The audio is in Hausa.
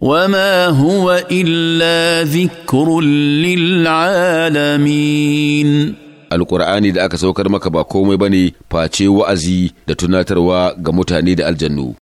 وما هو الا ذكر للعالمين alƙur'ani da aka saukar maka ba komai ba ne face wa'azi da tunatarwa ga mutane da aljannu